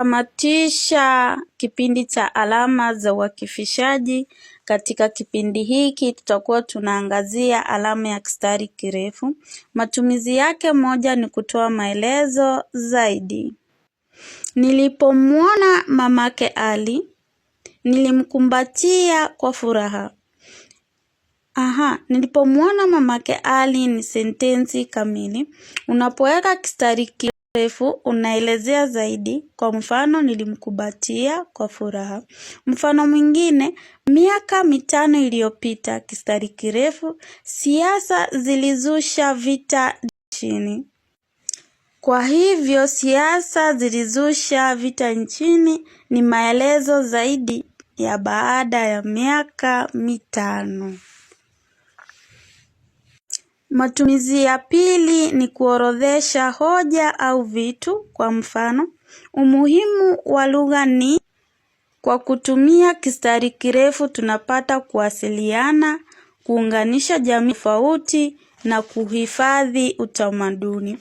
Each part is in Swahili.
Tamatisha kipindi cha alama za uakifishaji. Katika kipindi hiki tutakuwa tunaangazia alama ya kistari kirefu. Matumizi yake, moja ni kutoa maelezo zaidi. Nilipomwona mamake Ali, nilimkumbatia kwa furaha. Aha, nilipomwona mamake Ali ni sentensi kamili. Unapoweka kistari refu unaelezea zaidi, kwa mfano nilimkumbatia kwa furaha. Mfano mwingine, miaka mitano iliyopita, kistari kirefu, siasa zilizusha vita nchini. Kwa hivyo siasa zilizusha vita nchini ni maelezo zaidi ya baada ya miaka mitano. Matumizi ya pili ni kuorodhesha hoja au vitu. Kwa mfano, umuhimu wa lugha ni kwa kutumia kistari kirefu tunapata kuwasiliana, kuunganisha jamii tofauti na kuhifadhi utamaduni.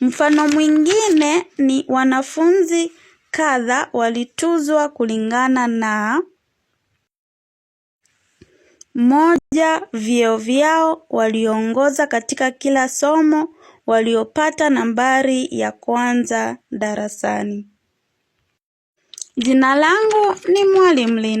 Mfano mwingine ni wanafunzi kadha walituzwa kulingana na moja vyeo vyao waliongoza katika kila somo waliopata nambari ya kwanza darasani. Jina langu ni Mwalimu